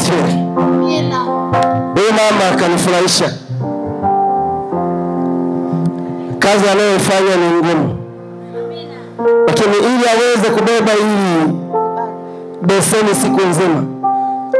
asifiwe. Huyu mama akanifurahisha, kazi anayofanya ni ngumu, lakini ili aweze kubeba hili beseni siku nzima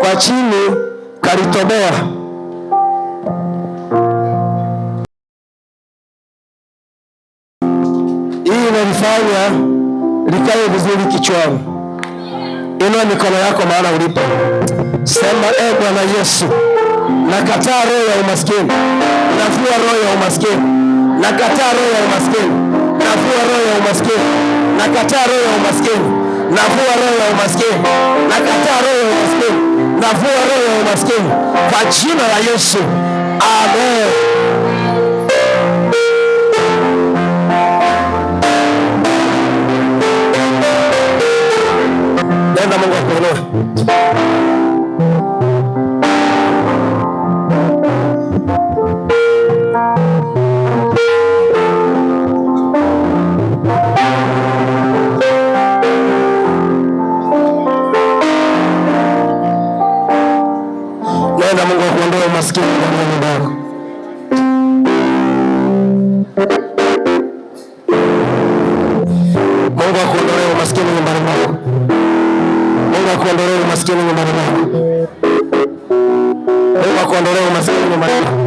kwa chini, kalitoboa hii inalifanya likae vizuri kichwani. Inua mikono yako mahala ulipo, sema e Bwana Yesu, nakataa roho ya umaskini, nafua roho ya umaskini, nakataa roho ya umaskini, nafua roho ya umaskini, nakataa roho ya umaskini, nafua roho ya umaskini, nakataa roho ya umaskini, nafua roho ya umaskini kwa jina la Yesu, amen. Nenda Mungu akuinue. Nenda Mungu akuondoe umaskini ndani ya nyumba yako. மட்டும்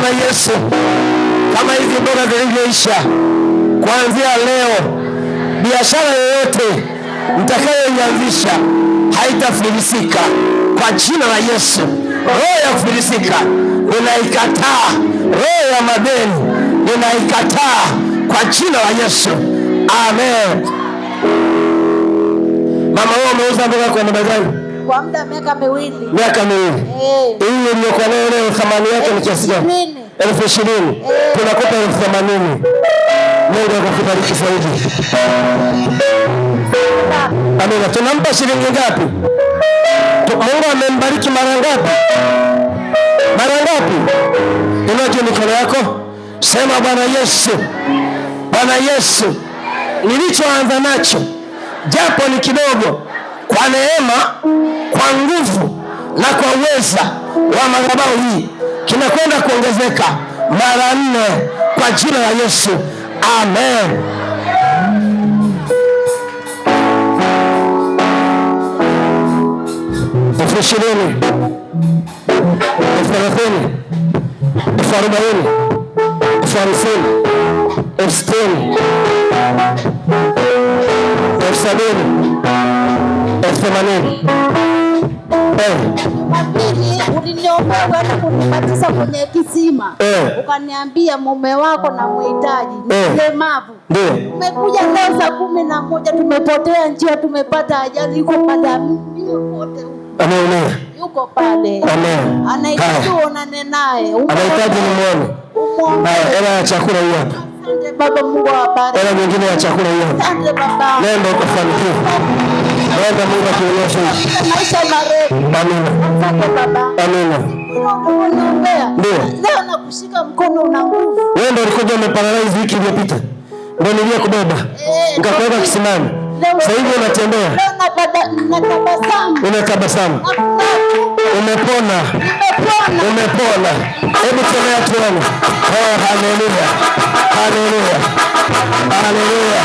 Bwana Yesu, kama hizi mboga zilivyoisha, kuanzia leo biashara yoyote mtakayoianzisha haitafilisika kwa jina la Yesu. Roho ya kufilisika unaikataa, roho ya madeni unaikataa kwa jina la Yesu, amen. Mama, wewe umeuza mboga kwa namna gani? kwa muda miaka miwili, miaka miwili eh. hii iliyokuwa nayo leo thamani yake ni kiasi gani? elfu ishirini eh. tunakupa elfu themanini Mungu akakubariki zaidi. Amina. Tunampa shilingi ngapi? Mungu amembariki mara ngapi? Mara ngapi? Inua juu mikono yako, sema Bwana Yesu, Bwana Yesu, nilichoanza nacho japo ni kidogo, kwa neema kwa nguvu na kwa uweza wa madhabahu hii kinakwenda kuongezeka mara nne kwa jina la Yesu, amen. elfu ishirini elfu thelathini elfu arobaini elfu hamsini elfu sitini elfu sabini elfu themanini na pili uliniombea uende kunibatiza kwenye kisima eh. Ukaniambia mume wako na mhitaji eh. Mlemavu ndio. Umekuja leo saa kumi na moja tumepotea njia, tumepata ajali, yuko pale pote ameumia, yuko pale anahitaji uonane naye, anahitaji nimwone. Hela ya chakula hiyo hapa Baba, Mungu awabariki. Hela nyingine ya chakula hiyo, nenda ukafanikiwa. Naomba Mungu atuonyeshe maisha marefu. Amina. Amina. Ndio. Leo nakushika mkono una nguvu. Wewe ndio ulikuwa umeparalyze wiki iliyopita. Ndio niliyekubeba. Eh, Nikakuweka kisimani. Sasa hivi unatembea. Unatabasamu. Umepona. Umepona. Hebu tembea tuone. Oh, haleluya. Haleluya. Haleluya.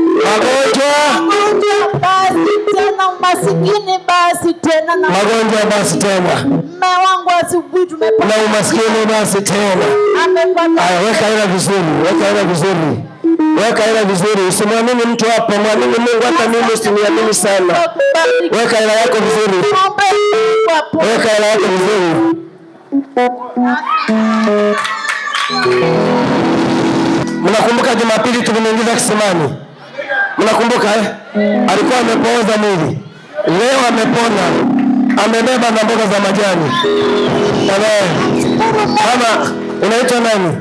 magonjwa basi tena umasikini basi tena na magonjwa basi tena mume wangu asubuhi tumepata na umasikini basi tena Haya, weka ila vizuri, weka ila vizuri weka hela vizuri, usimwamini mtu hapa, mwamini Mungu. Hata mimi usiniamini sana, weka hela yako vizuri, weka hela yako vizuri. Mnakumbuka Jumapili tuliniingiza kisimani Mnakumbuka eh? Alikuwa amepooza mwili, leo amepona, amebeba na mboga za majani. Kama unaitwa nani?